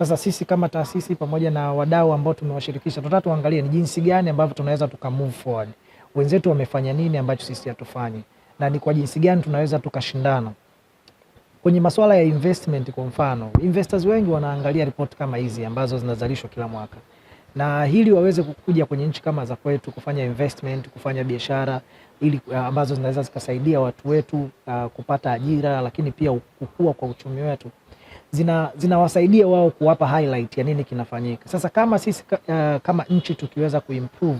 Sasa sisi kama taasisi pamoja na wadau ambao tumewashirikisha, tunataka tuangalie ni jinsi gani ambavyo tunaweza tuka move forward, wenzetu wamefanya nini ambacho sisi hatufanyi, na ni kwa jinsi gani tunaweza tukashindana kwenye masuala ya investment. Kwa mfano, investors wengi wanaangalia ripoti kama hizi ambazo zinazalishwa kila mwaka, na hili waweze kukuja kwenye nchi kama za kwetu kufanya investment, kufanya biashara ili uh, ambazo zinaweza zikasaidia watu wetu uh, kupata ajira, lakini pia kukua kwa uchumi wetu zina zinawasaidia wao kuwapa highlight ya nini kinafanyika. Sasa kama sisi uh, kama nchi tukiweza kuimprove,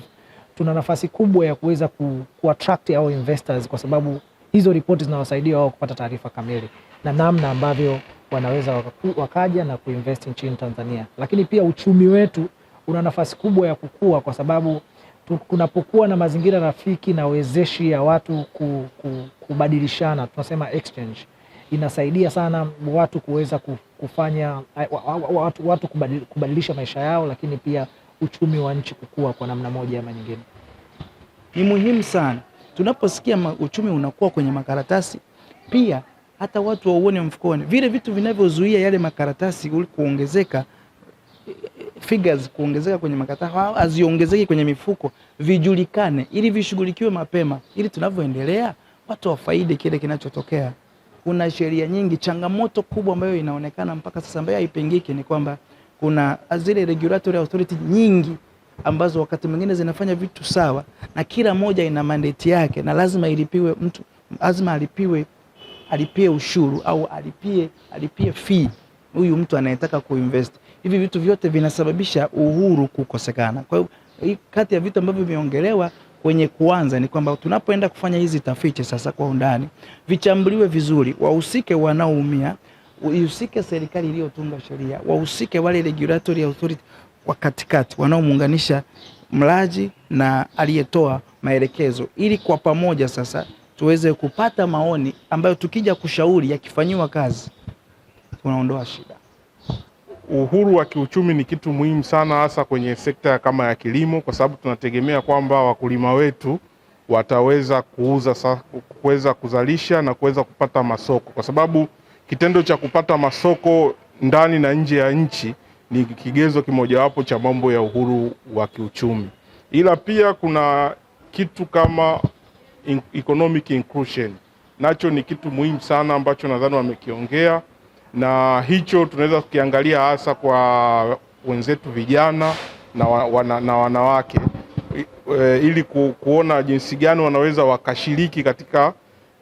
tuna nafasi kubwa ya kuweza ku, ku attract investors kwa sababu hizo ripoti zinawasaidia wao kupata taarifa kamili na namna ambavyo wanaweza wakaku, wakaja na kuinvest nchini Tanzania. Lakini pia uchumi wetu una nafasi kubwa ya kukua kwa sababu kunapokuwa na mazingira rafiki na wezeshi ya watu kubadilishana, tunasema exchange inasaidia sana watu kuweza kufanya watu, watu kubadilisha maisha yao, lakini pia uchumi wa nchi kukua kwa namna moja ama nyingine. Ni muhimu sana tunaposikia uchumi unakuwa kwenye makaratasi, pia hata watu wauone mfukoni, vile vitu vinavyozuia yale makaratasi kuongezeka e, e, figures kuongezeka kwenye au haziongezeki kwenye mifuko, vijulikane ili vishughulikiwe mapema, ili tunavyoendelea watu wafaide kile kinachotokea kuna sheria nyingi. Changamoto kubwa ambayo inaonekana mpaka sasa ambayo haipengiki ni kwamba kuna zile regulatory authority nyingi ambazo wakati mwingine zinafanya vitu sawa, na kila moja ina mandate yake, na lazima ilipiwe mtu, lazima alipiwe, alipie ushuru au alipie, alipie fee huyu mtu anayetaka kuinvest. Hivi vitu vyote vinasababisha uhuru kukosekana. Kwa hiyo kati ya vitu ambavyo vimeongelewa kwenye kuanza ni kwamba tunapoenda kufanya hizi tafiti sasa kwa undani, vichambuliwe vizuri, wahusike wanaoumia, ihusike serikali iliyotunga sheria, wahusike wale regulatory authority wa katikati wanaomuunganisha mlaji na aliyetoa maelekezo, ili kwa pamoja sasa tuweze kupata maoni ambayo tukija kushauri yakifanyiwa kazi tunaondoa shida uhuru wa kiuchumi ni kitu muhimu sana, hasa kwenye sekta kama ya kilimo, kwa sababu tunategemea kwamba wakulima wetu wataweza kuuza, kuweza kuzalisha na kuweza kupata masoko, kwa sababu kitendo cha kupata masoko ndani na nje ya nchi ni kigezo kimojawapo cha mambo ya uhuru wa kiuchumi. Ila pia kuna kitu kama economic inclusion, nacho ni kitu muhimu sana ambacho nadhani wamekiongea na hicho tunaweza kukiangalia hasa kwa wenzetu vijana na, wana, na wanawake e, ili ku, kuona jinsi gani wanaweza wakashiriki katika,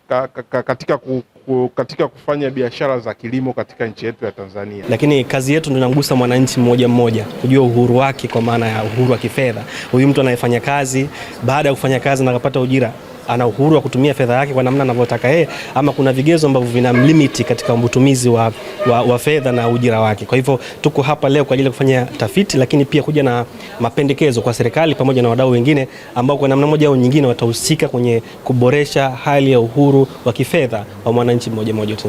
ka, ka, katika, ku, ku, katika kufanya biashara za kilimo katika nchi yetu ya Tanzania. Lakini kazi yetu ndio inamgusa mwananchi mmoja mmoja kujua uhuru wake, kwa maana ya uhuru wa kifedha. Huyu mtu anayefanya kazi, baada ya kufanya kazi na kupata ujira ana uhuru wa kutumia fedha yake kwa namna anavyotaka yeye, ama kuna vigezo ambavyo vina limit katika utumizi wa, wa, wa fedha na ujira wake. Kwa hivyo tuko hapa leo kwa ajili ya kufanya tafiti, lakini pia kuja na mapendekezo kwa serikali pamoja na wadau wengine ambao kwa namna moja au nyingine watahusika kwenye kuboresha hali ya uhuru wa kifedha wa mwananchi mmoja mmoja.